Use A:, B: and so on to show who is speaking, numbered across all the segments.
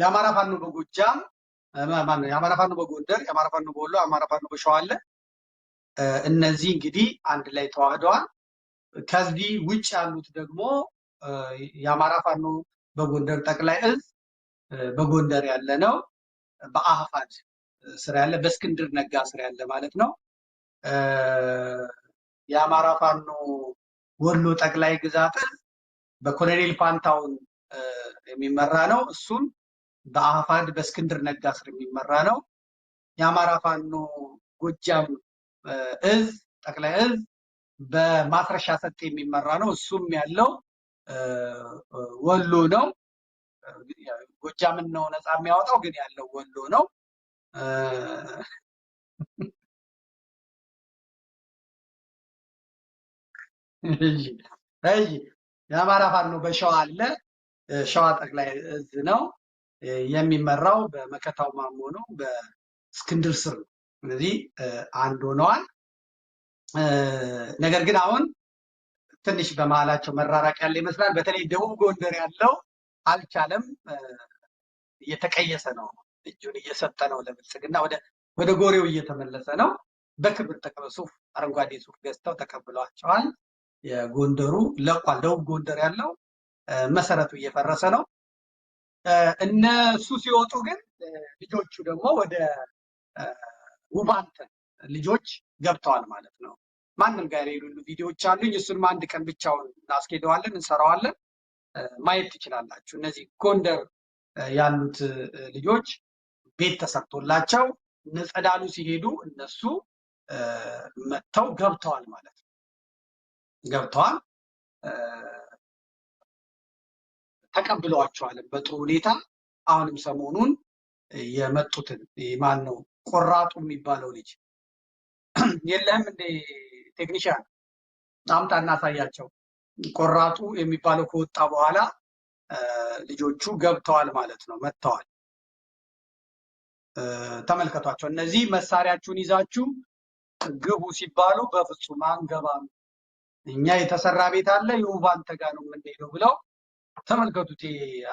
A: የአማራ ፋኖ በጎጃም የአማራ ፋኖ በጎንደር የአማራ ፋኖ በወሎ የአማራ ፋኖ በሸዋ አለ። እነዚህ እንግዲህ አንድ ላይ ተዋህደዋል። ከዚህ ውጭ ያሉት ደግሞ የአማራ ፋኖ በጎንደር ጠቅላይ እዝ በጎንደር ያለ ነው። በአህፋድ ስራ ያለ በእስክንድር ነጋ ስራ ያለ ማለት ነው። የአማራ ፋኖ ወሎ ጠቅላይ ግዛት በኮሎኔል ፋንታውን የሚመራ ነው። እሱም በአፋድ በእስክንድር ነጋ ስር የሚመራ ነው። የአማራ ፋኖ ጎጃም እዝ ጠቅላይ እዝ በማስረሻ ሰጤ የሚመራ ነው። እሱም ያለው ወሎ ነው። ጎጃምን ነው ነፃ የሚያወጣው፣ ግን ያለው ወሎ ነው። የአማራ ፋኖ በሸዋ አለ። ሸዋ ጠቅላይ እዝ ነው የሚመራው በመከታው ማሞ ነው፣ በእስክንድር ስር ነው። ስለዚህ አንድ ሆነዋል። ነገር ግን አሁን ትንሽ በመሀላቸው መራራቅ ያለ ይመስላል። በተለይ ደቡብ ጎንደር ያለው አልቻለም፣ እየተቀየሰ ነው፣ እጁን እየሰጠ ነው ለብልጽግና፣ ወደ ጎሬው እየተመለሰ ነው። በክብር ጠቅላይ ሱፍ አረንጓዴ ሱፍ ገዝተው ተቀብለዋቸዋል። የጎንደሩ ለቋል። ደቡብ ጎንደር ያለው መሰረቱ እየፈረሰ ነው። እነሱ ሲወጡ ግን ልጆቹ ደግሞ ወደ ውባንትን ልጆች ገብተዋል ማለት ነው። ማንም ጋር የሌሉ ቪዲዮዎች አሉኝ። እሱንም አንድ ቀን ብቻውን እናስኬደዋለን፣ እንሰራዋለን፣ ማየት ትችላላችሁ። እነዚህ ጎንደር ያሉት ልጆች ቤት ተሰርቶላቸው ነጸዳሉ ሲሄዱ እነሱ መጥተው ገብተዋል ማለት ነው ገብተዋል። ተቀብለዋቸዋል በጥሩ ሁኔታ። አሁንም ሰሞኑን የመጡትን ማን ነው ቆራጡ የሚባለው ልጅ የለህም እንደ ቴክኒሽያን አምጣ እናሳያቸው። ቆራጡ የሚባለው ከወጣ በኋላ ልጆቹ ገብተዋል ማለት ነው፣ መጥተዋል። ተመልከቷቸው። እነዚህ መሳሪያችሁን ይዛችሁ ግቡ ሲባሉ በፍጹም አንገባም፣ እኛ የተሰራ ቤት አለ ይሁባ አንተ ጋር ነው የምንሄደው ብለው ተመልከቱት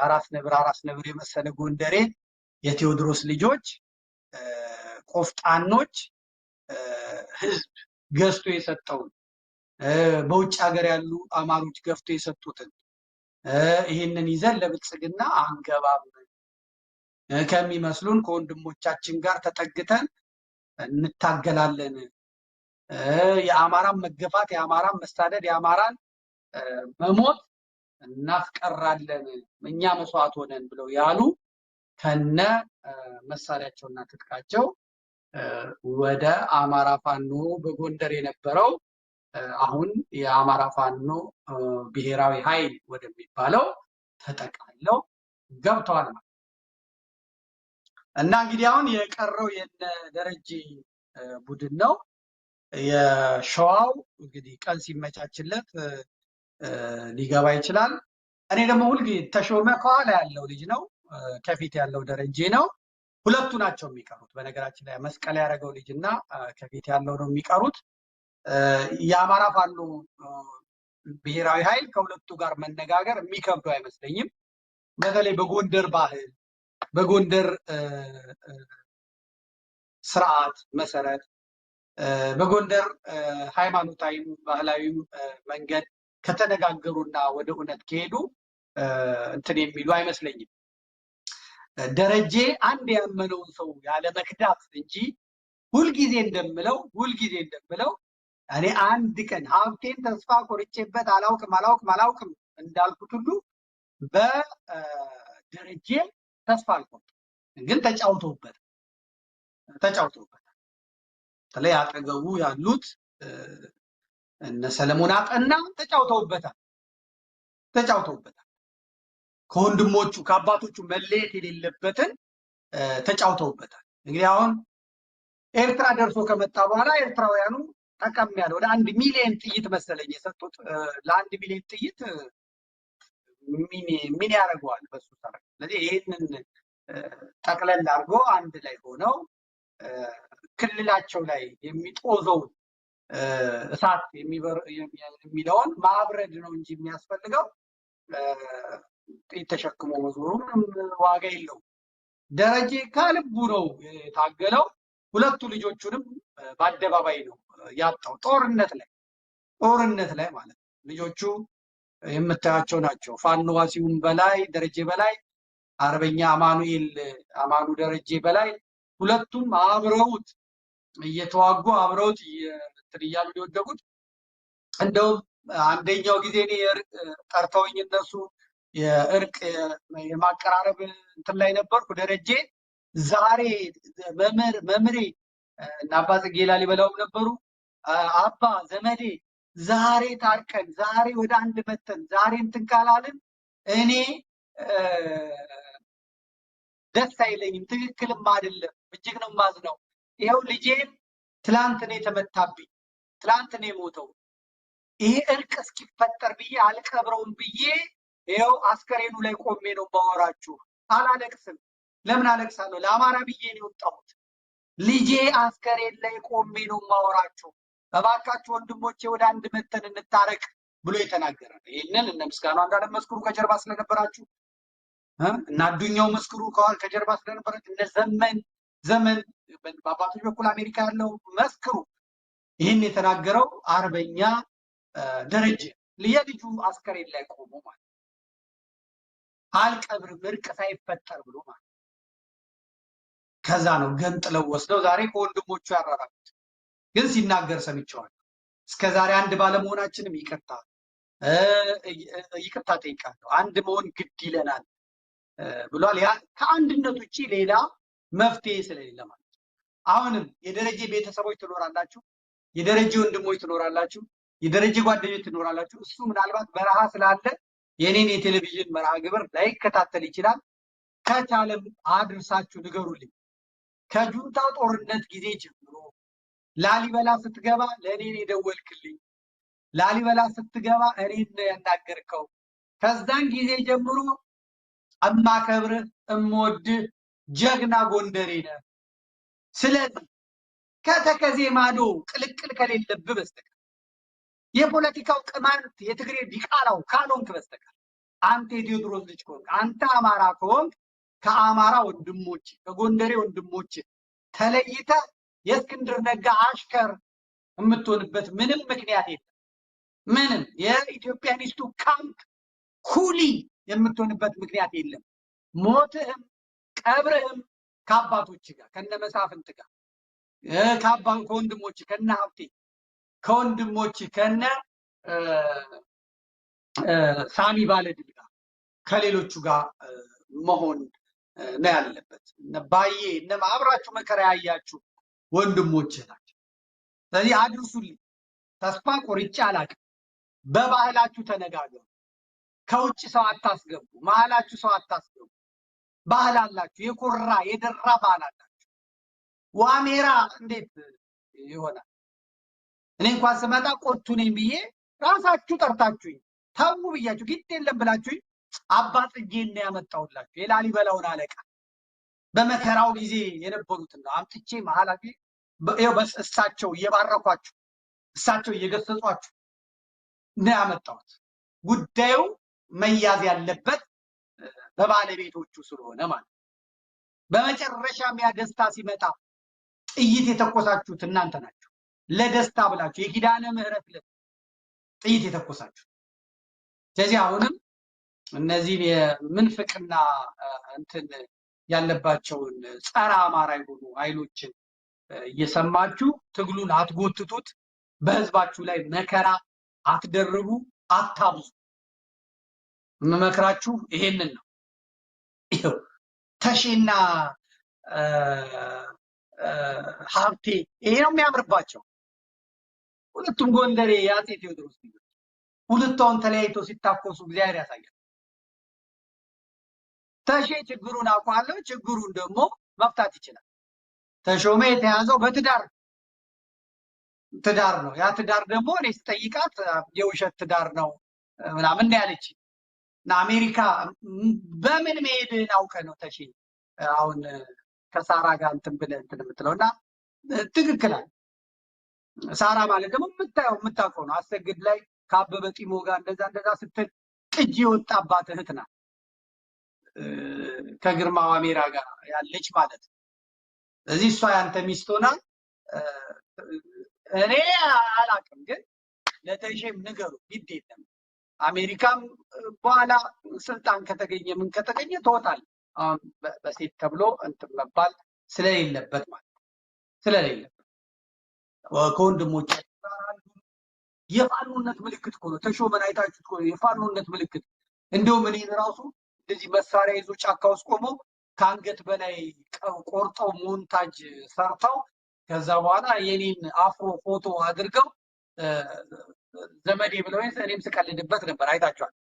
A: አራስ ነብር አራስ ነብር የመሰለ ጎንደሬ የቴዎድሮስ ልጆች ቆፍጣኖች ህዝብ ገዝቶ የሰጠውን በውጭ ሀገር ያሉ አማሮች ገፍቶ የሰጡትን ይህንን ይዘን ለብልጽግና አንገባም ከሚመስሉን ከወንድሞቻችን ጋር ተጠግተን እንታገላለን። የአማራን መገፋት፣ የአማራን መሳደድ፣ የአማራን መሞት እናስቀራለን እኛ መስዋዕት ሆነን ብለው ያሉ ከነ መሳሪያቸውና ትጥቃቸው ወደ አማራ ፋኖ በጎንደር የነበረው አሁን የአማራ ፋኖ ብሔራዊ ኃይል ወደሚባለው ተጠቃለው ገብተዋል ማለት እና እንግዲህ አሁን የቀረው የነ ደረጀ ቡድን ነው። የሸዋው እንግዲህ ቀን ሲመቻችለት ሊገባ ይችላል። እኔ ደግሞ ሁልጊዜ ተሾመ ከኋላ ያለው ልጅ ነው፣ ከፊት ያለው ደረጀ ነው። ሁለቱ ናቸው የሚቀሩት። በነገራችን ላይ መስቀል ያደረገው ልጅ እና ከፊት ያለው ነው የሚቀሩት። የአማራ ፋኖ ብሔራዊ ኃይል ከሁለቱ ጋር መነጋገር የሚከብደው አይመስለኝም። በተለይ በጎንደር ባህል፣ በጎንደር ስርዓት መሰረት፣ በጎንደር ሃይማኖታዊም ባህላዊም መንገድ ከተነጋገሩና ወደ እውነት ከሄዱ እንትን የሚሉ አይመስለኝም። ደረጀ አንድ ያመነውን ሰው ያለ መክዳት እንጂ ሁልጊዜ እንደምለው ሁልጊዜ እንደምለው እኔ አንድ ቀን ሀብቴን ተስፋ ቆርጬበት አላውቅም አላውቅም አላውቅም እንዳልኩት ሁሉ በደረጀ ተስፋ አልቆርጥም። ግን ተጫውተውበት ተጫውተውበታል። በተለይ አጠገቡ ያሉት እነ ሰለሞን አቀና ተጫውተውበታል ተጫውተውበታል። ከወንድሞቹ ከአባቶቹ መለየት የሌለበትን ተጫውተውበታል። እንግዲህ አሁን ኤርትራ ደርሶ ከመጣ በኋላ ኤርትራውያኑ ጠቀም ያለ ወደ አንድ ሚሊየን ጥይት መሰለኝ የሰጡት ለአንድ ሚሊዮን ጥይት ሚን ያደርገዋል በሱ ሰራ። ስለዚህ ይህንን ጠቅለል አድርጎ አንድ ላይ ሆነው ክልላቸው ላይ የሚጦዘውን እሳት የሚለውን ማብረድ ነው እንጂ የሚያስፈልገው ጤት ተሸክሞ መዞሩ ምንም ዋጋ የለው። ደረጀ ከልቡ ነው የታገለው። ሁለቱ ልጆቹንም በአደባባይ ነው ያጣው። ጦርነት ላይ ጦርነት ላይ ማለት ነው። ልጆቹ የምታያቸው ናቸው። ፋኖ ዋሲሁን በላይ ደረጀ በላይ፣ አርበኛ አማኑኤል አማኑ ደረጀ በላይ ሁለቱም አብረውት እየተዋጉ አብረውት እንትን እያሉ የወደቁት። እንደውም አንደኛው ጊዜ እኔ ጠርተውኝ እነሱ የእርቅ የማቀራረብ እንትን ላይ ነበርኩ። ደረጀ ዛሬ መምሬ እና አባ ጽጌ ላሊበላውም ነበሩ። አባ ዘመዴ ዛሬ ታርቀን፣ ዛሬ ወደ አንድ መተን፣ ዛሬ እንትን ካላልን እኔ ደስ አይለኝም፣ ትክክልም አይደለም፣ እጅግ ነው ማዝነው። ይኸው ልጄን ትላንት እኔ ተመታብኝ ትላንት ነው የሞተው። ይሄ እርቅ እስኪፈጠር ብዬ አልቀብረውም ብዬ ይኸው አስከሬኑ ላይ ቆሜ ነው ባወራችሁ። አላለቅስም። ለምን አለቅሳለሁ? ለአማራ ብዬ ነው የወጣሁት። ልጄ አስከሬን ላይ ቆሜ ነው ማወራችሁ። እባካችሁ ወንድሞቼ ወደ አንድ መተን እንታረቅ ብሎ የተናገረ ይህንን እነ ምስጋኑ አንዳንድ መስክሩ ከጀርባ ስለነበራችሁ እና አዱኛው መስክሩ ከጀርባ ስለነበራችሁ እነ ዘመን ዘመን በአባቶች በኩል አሜሪካ ያለው መስክሩ ይህን የተናገረው አርበኛ ደረጀ የልጁ አስከሬን ላይ ቆሞ ማለት አልቀብርም እርቅ ሳይፈጠር ብሎ ማለት ከዛ ነው ገንጥለው ወስደው ዛሬ ከወንድሞቹ ያራራቁት። ግን ሲናገር ሰምቸዋል። እስከ ዛሬ አንድ ባለመሆናችንም ይቅርታ ይቅርታ ጠይቃለሁ፣ አንድ መሆን ግድ ይለናል ብሏል። ከአንድነት ውጭ ሌላ መፍትሄ ስለሌለ ማለት ነው። አሁንም የደረጀ ቤተሰቦች ትኖራላችሁ የደረጀ ወንድሞች ትኖራላችሁ፣ የደረጀ ጓደኞች ትኖራላችሁ። እሱ ምናልባት በረሃ ስላለ የኔን የቴሌቪዥን መርሃ ግብር ላይከታተል ይችላል። ከቻለም አድርሳችሁ ንገሩልኝ። ከጁንታ ጦርነት ጊዜ ጀምሮ ላሊበላ ስትገባ ለእኔን የደወልክልኝ፣ ላሊበላ ስትገባ እኔን ያናገርከው፣ ከዛን ጊዜ ጀምሮ እማከብርህ እምወድህ ጀግና ጎንደሬ ነህ። ስለዚህ ከተከዜ ማዶ ቅልቅል ከሌለብህ በስተቀር የፖለቲካው ቅማንት የትግሬ ዲቃላው ካልሆንክ በስተቀር አንተ የቴዎድሮስ ልጅ ከሆንክ አንተ አማራ ከሆንክ ከአማራ ወንድሞች ከጎንደሬ ወንድሞች ተለይተ የእስክንድር ነጋ አሽከር የምትሆንበት ምንም ምክንያት የለም። ምንም የኢትዮጵያኒስቱ ካምፕ ኩሊ የምትሆንበት ምክንያት የለም። ሞትህም ቀብርህም ከአባቶች ጋር ከነ መሳፍንት ጋር ከአባን ከወንድሞች ከነ ሀብቴ ከወንድሞች ከነ ሳሚ ባለድል ጋር ከሌሎቹ ጋር መሆን ነው ያለበት። ባዬ እነ አብራችሁ መከራ ያያችሁ ወንድሞች ናቸው። ስለዚህ አድርሱልኝ። ተስፋ ቆርጬ አላቅ በባህላችሁ ተነጋገሩ። ከውጭ ሰው አታስገቡ። መሀላችሁ ሰው አታስገቡ። ባህል አላችሁ፣ የኮራ የደራ ባህል አላችሁ። ዋሜራ እንዴት ይሆናል? እኔ እንኳን ስመጣ ቆቱ ነኝ ብዬ ራሳችሁ ጠርታችሁኝ ተው ብያችሁ ግድ የለም ብላችሁኝ አባ ጽጌን ነው ያመጣሁላችሁ። የላሊበላውን አለቃ በመከራው ጊዜ የነበሩትን ነው አምጥቼ መሀላፊ እሳቸው እየባረኳችሁ እሳቸው እየገሰጿችሁ ነው ያመጣሁት። ጉዳዩ መያዝ ያለበት በባለቤቶቹ ስለሆነ ማለት በመጨረሻ ያ ደስታ ሲመጣ ጥይት የተኮሳችሁት እናንተ ናችሁ። ለደስታ ብላችሁ የኪዳነ ምሕረት ጥይት የተኮሳችሁ። ስለዚህ አሁንም እነዚህን የምንፍቅና እንትን ያለባቸውን ጸረ አማራ የሆኑ ኃይሎችን እየሰማችሁ ትግሉን አትጎትቱት። በህዝባችሁ ላይ መከራ አትደርቡ፣ አታብዙ። የምመክራችሁ ይሄንን ነው። ተሼና ሀብቴ ይሄ ነው የሚያምርባቸው። ሁለቱም ጎንደሬ የአጼ ቴዎድሮስ ልጆች ሁለቷውን ተለያይቶ ሲታኮሱ እግዚአብሔር ያሳያል። ተሼ ችግሩን አውቋለሁ፣ ችግሩን ደግሞ መፍታት ይችላል። ተሾመ የተያዘው በትዳር ትዳር ነው። ያ ትዳር ደግሞ እኔ ስጠይቃት የውሸት ትዳር ነው ምናምን ያለች አሜሪካ በምን መሄድህን አውቀ ነው ተሼ አሁን ከሳራ ጋር እንትን ብለ እንትን የምትለው እና ትክክላል። ሳራ ማለት ደግሞ የምታየው የምታውቀው ነው። አሰግድ ላይ ከአበበ ጢሞ ጋር እንደዛ እንደዛ ስትል ጥጅ የወጣባት እህት ናት ከግርማ ዋሜራ ጋር ያለች ማለት ነው። እዚህ እሷ ያንተ ሚስት ሆና እኔ አላቅም፣ ግን ለተሼም ንገሩ ግድ የለም። አሜሪካም በኋላ ስልጣን ከተገኘ ምን ከተገኘ ትወጣለች። አሁን በሴት ተብሎ እንትን መባል ስለሌለበት ማለት ስለሌለበት ከወንድሞች የፋኖነት ምልክት እኮ ነው። ተሾመን አይታችሁት እኮ ነው የፋኖነት ምልክት። እንደውም እኔን ራሱ እንደዚህ መሳሪያ ይዞ ጫካ ውስጥ ቆሞ ከአንገት በላይ ቆርጠው ሞንታጅ ሰርተው ከዛ በኋላ የኔን አፍሮ ፎቶ አድርገው ዘመዴ ብለው እኔም ስቀልድበት ነበር። አይታችኋል።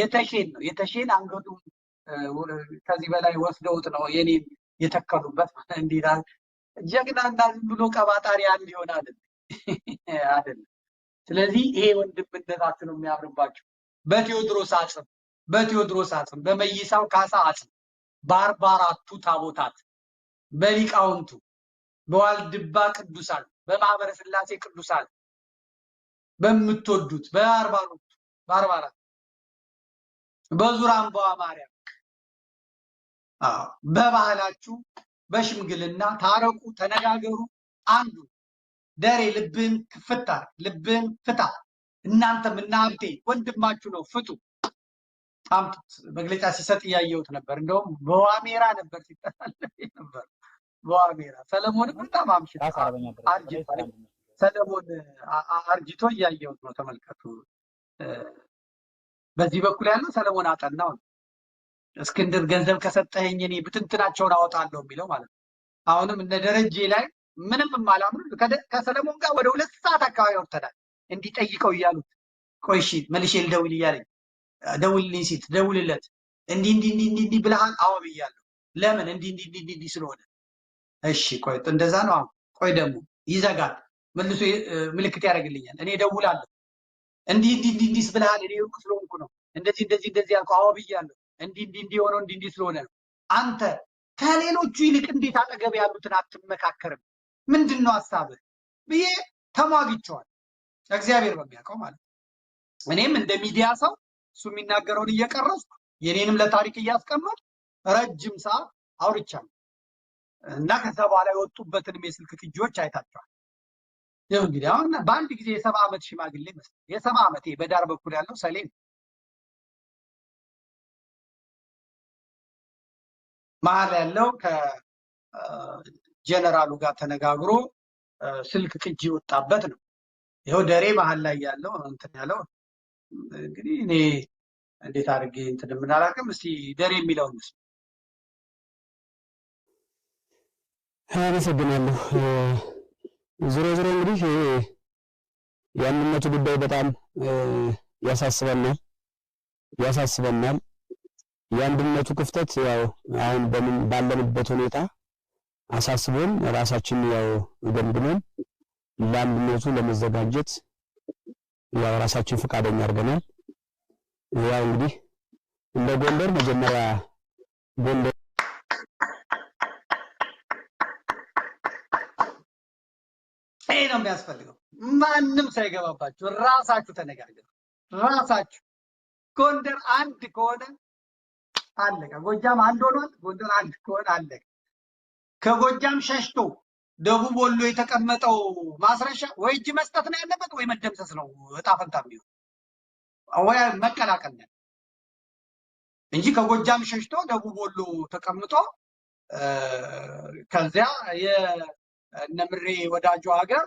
A: የተሼን ነው የተሼን አንገቱን ከዚህ በላይ ወስደውት ነው የኔ የተከሉበት። እንዲህ ጀግና እና ዝም ብሎ ቀባጣሪ አንድ ይሆን አይደል ስለዚህ ይሄ ወንድምነታችሁ ነው የሚያምርባችሁ። በቴዎድሮስ አጽም በቴዎድሮስ አጽም በመይሳው ካሳ አጽም በአርባ አራቱ ታቦታት በሊቃውንቱ በዋልድባ ቅዱሳን በማህበረ ስላሴ ቅዱሳን በምትወዱት በአርባ አራቱ በአርባ አራት በዙር አምባዋ ማርያም በባህላችሁ በሽምግልና ታረቁ፣ ተነጋገሩ። አንዱ ደሬ ልብን ክፍታ ልብን ፍታ። እናንተም እና ሀብቴ ወንድማችሁ ነው ፍቱ። ጣምጡት መግለጫ ሲሰጥ እያየሁት ነበር። እንደውም በዋሜራ ነበር ሲጠራል ነበር። በዋሜራ ሰለሞንም በጣም አምሽቶ ሰለሞን አርጅቶ እያየሁት ነው። ተመልከቱ። በዚህ በኩል ያለው ሰለሞን አጠናው ነው። እስክንድር ገንዘብ ከሰጠኸኝ እኔ ብትንትናቸውን አወጣለሁ የሚለው ማለት ነው። አሁንም እነ ደረጀ ላይ ምንም የማላምኑ ከሰለሞን ጋር ወደ ሁለት ሰዓት አካባቢ አውርተናል። እንዲጠይቀው እያሉት ቆይ እሺ መልሼ ልደውል እያለኝ ደውልልኝ ሲት ደውልለት እንዲ እንዲ እንዲ እንዲ እንዲ ብለሃል? አዎ ብያለሁ። ለምን እንዲ እንዲ እንዲ እንዲ ስለሆነ እሺ ቆይ እንደዛ ነው። አሁን ቆይ ደግሞ ይዘጋል። መልሶ ምልክት ያደርግልኛል። እኔ ደውላለሁ። እንዲህ እንዲህ እንዲህ እንዲህ እኔ ስለሆንኩ ነው እንደዚህ እንደዚህ እንደዚህ ያልኩ አዎ ብያለሁ እንዲህ እንዲህ እንዲ የሆነው እንዲህ እንዲህ ስለሆነ ነው። አንተ ከሌሎቹ ይልቅ እንዴት አጠገብ ያሉትን አትመካከርም? ምንድን ነው ሀሳብህ ብዬ ተሟግቸዋል። እግዚአብሔር በሚያውቀው ማለት ነው። እኔም እንደ ሚዲያ ሰው እሱ የሚናገረውን እየቀረሱ የኔንም ለታሪክ እያስቀመጥ ረጅም ሰዓት አውርቻለሁ እና ከዛ በኋላ የወጡበትን የስልክ ቅጂዎች አይታቸዋል። ይህ እንግዲህ አሁን በአንድ ጊዜ የሰባ ዓመት ሽማግሌ መስል የሰባ ዓመት በዳር በኩል ያለው ሰሌ ነው። መሀል ያለው ከጀነራሉ ጋር ተነጋግሮ ስልክ ቅጂ ወጣበት ነው። ይኸው ደሬ መሀል ላይ ያለው እንትን ያለው እንግዲህ እኔ እንዴት አድርጌ እንትን የምናላቅም እስቲ ደሬ የሚለው ምስ አመሰግናለሁ። ዞሮ ዞሮ እንግዲህ የአንድነቱ ጉዳይ በጣም ያሳስበናል ያሳስበናል የአንድነቱ ክፍተት ያው አሁን በምን ባለንበት ሁኔታ አሳስቦን ራሳችን ያው ገምግመን ለአንድነቱ ለመዘጋጀት ያው ራሳችን ፈቃደኛ አድርገናል። ያው እንግዲህ እንደ ጎንደር መጀመሪያ ጎንደር ይሄ ነው የሚያስፈልገው። ማንም ሳይገባባችሁ ራሳችሁ ተነጋገሩ። ራሳችሁ ጎንደር አንድ ከሆነ አለቀ። ጎጃም አንድ ሆኗል። ጎንደር አንድ ከሆነ አለቀ። ከጎጃም ሸሽቶ ደቡብ ወሎ የተቀመጠው ማስረሻ ወይ እጅ መስጠት ነው ያለበት ወይ መደምሰስ ነው እጣ ፈንታ የሚሆን ወይ መቀላቀል ነው እንጂ ከጎጃም ሸሽቶ ደቡብ ወሎ ተቀምጦ ከዚያ የነምሬ ወዳጁ ሀገር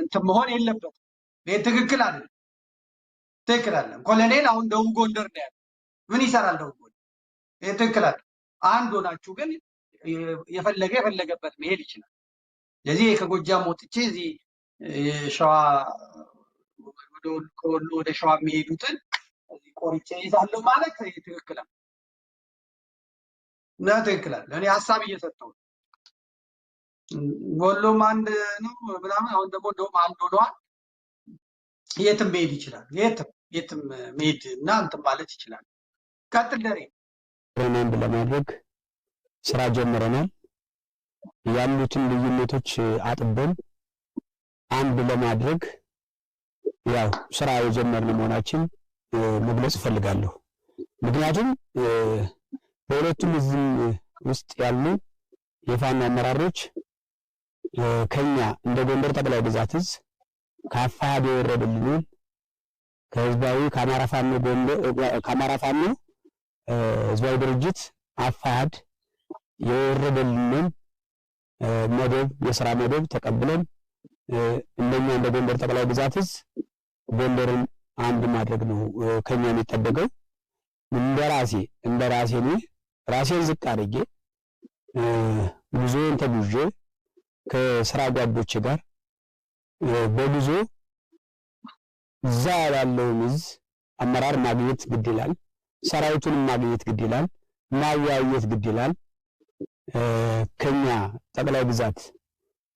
A: እንትም መሆን የለበትም። ይህ ትክክል አይደለም። ትክክል አለ። ኮሎኔል አሁን ደቡብ ጎንደር ነው ያለ። ምን ይሰራል ደቡብ ጎንደር? ትክክል አለ። አንድ ሆናችሁ ግን የፈለገ የፈለገበት መሄድ ይችላል። ስለዚህ ከጎጃም ወጥቼ እዚህ ሸዋ ከወሎ ወደ ሸዋ የሚሄዱትን ቆርጬ ይዛለሁ ማለት ትክክላል እና ትክክላል። እኔ ሀሳብ እየሰጠው ነው። ወሎም አንድ ነው ምናምን፣ አሁን ደግሞ እንደውም አንድ ሆነዋል። የትም መሄድ ይችላል። የትም የትም መሄድ እና እንትን ማለት ይችላል። ቀጥለሬ
B: አንድ ለማድረግ ስራ ጀምረናል። ያሉትን ልዩነቶች አጥበን አንድ ለማድረግ ያው ስራ የጀመርን መሆናችን መግለጽ እፈልጋለሁ። ምክንያቱም በሁለቱም እዚህ ውስጥ ያሉ የፋኖ አመራሮች ከኛ እንደ ጎንደር ጠቅላይ ግዛት እዝ ከአፋሕድ የወረደልንን ከህዝባዊ ከአማራ ፋኖ ጎንደ ከአማራ ፋኖ ህዝባዊ ድርጅት አፋሃድ የወረደልንን መደብ የስራ መደብ ተቀብለን እንደኛ እንደ ጎንደር ጠቅላይ ግዛት እዝ ጎንደርን አንድ ማድረግ ነው ከኛ የሚጠበቀው። እንደ ራሴ እንደ ራሴ ራሴን ዝቅ አድርጌ ጉዞን ተጉዤ ከስራ ጓዶቼ ጋር በጉዞ እዛ ያለውን እዝ አመራር ማግኘት ግድ ይላል። ሰራዊቱን ማግኘት ግድ ይላል። ማወያየት ግድ ይላል። ከኛ ጠቅላይ ግዛት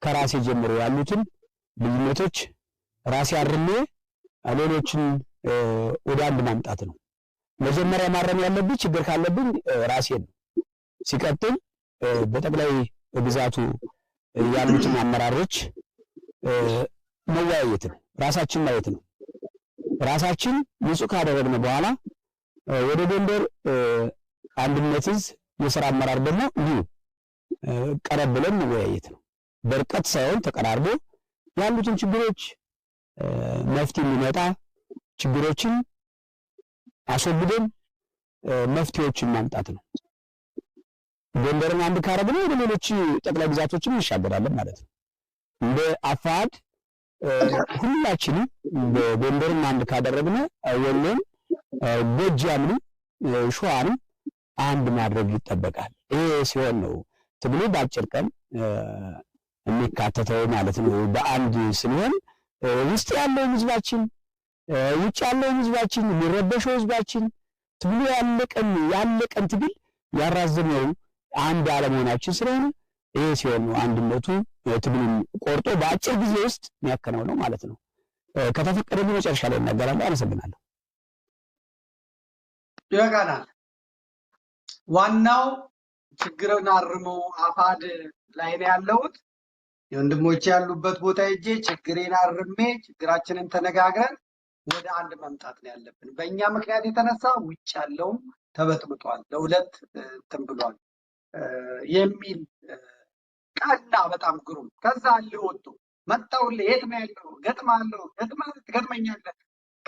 B: ከራሴ ጀምሮ ያሉትን ልዩነቶች ራሴ አርሜ ሌሎችን ወደ አንድ ማምጣት ነው። መጀመሪያ ማረም ያለብኝ ችግር ካለብኝ ራሴ ነው። ሲቀጥል በጠቅላይ ግዛቱ ያሉትን አመራሮች መወያየት ነው፣ ራሳችን ማየት ነው። ራሳችን ንጹህ ካደረግን በኋላ ወደ ጎንደር አንድነት ዕዝ የስራ አመራር ደግሞ እንዲሁ ቀረብ ብለን መወያየት ነው። በርቀት ሳይሆን ተቀራርቦ ያሉትን ችግሮች መፍትሄ የሚመጣ ችግሮችን አስወግደን መፍትሄዎችን ማምጣት ነው። ጎንደርን አንድ ካረግነው ወደ ሌሎች ጠቅላይ ግዛቶችን እንሻገራለን ማለት ነው። እንደ አፋድ ሁላችንም ጎንደርም አንድ ካደረግነ ወሎም ጎጃምንም ሸዋንም አንድ ማድረግ ይጠበቃል። ይሄ ሲሆን ነው ትግሉ በአጭር ቀን የሚካተተው ማለት ነው። በአንድ ስንሆን ውስጥ ያለው ህዝባችን፣ ውጭ ያለው ህዝባችን፣ የሚረበሸው ህዝባችን ትግሉ ያለቀን ያለቀን ትግል ያራዘመው አንድ አለመሆናችን ስለሆነ ይህ ሲሆን ነው አንድነቱ ትግሉን ቆርጦ በአጭር ጊዜ ውስጥ የሚያከናውነው ማለት ነው። ከተፈቀደልኝ መጨረሻ ላይ እናገራለሁ። አመሰግናለሁ። ይበቃናል። ዋናው ችግርን አርመው አፋድ ላይ ነው ያለሁት። የወንድሞቼ ያሉበት ቦታ ሄጄ ችግሬን አርሜ ችግራችንን ተነጋግረን ወደ አንድ መምጣት ነው ያለብን። በእኛ ምክንያት የተነሳ ውጭ ያለውም ተበጥብጧል፣ ለሁለት እንትን ብሏል የሚል ቀና፣ በጣም ግሩም። ከዛ ወጡ መጣውል የት ነው ያለው? ገጥማለሁ፣ ትገጥመኛለህ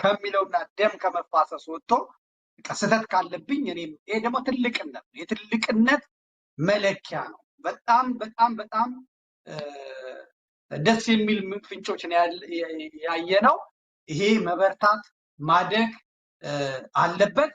B: ከሚለውና ደም ከመፋሰስ ወጥቶ ስህተት ካለብኝ እኔም ይሄ ደግሞ ትልቅነት ነው። የትልቅነት መለኪያ ነው። በጣም በጣም በጣም ደስ የሚል ፍንጮችን ያየ ነው። ይሄ መበርታት ማደግ አለበት።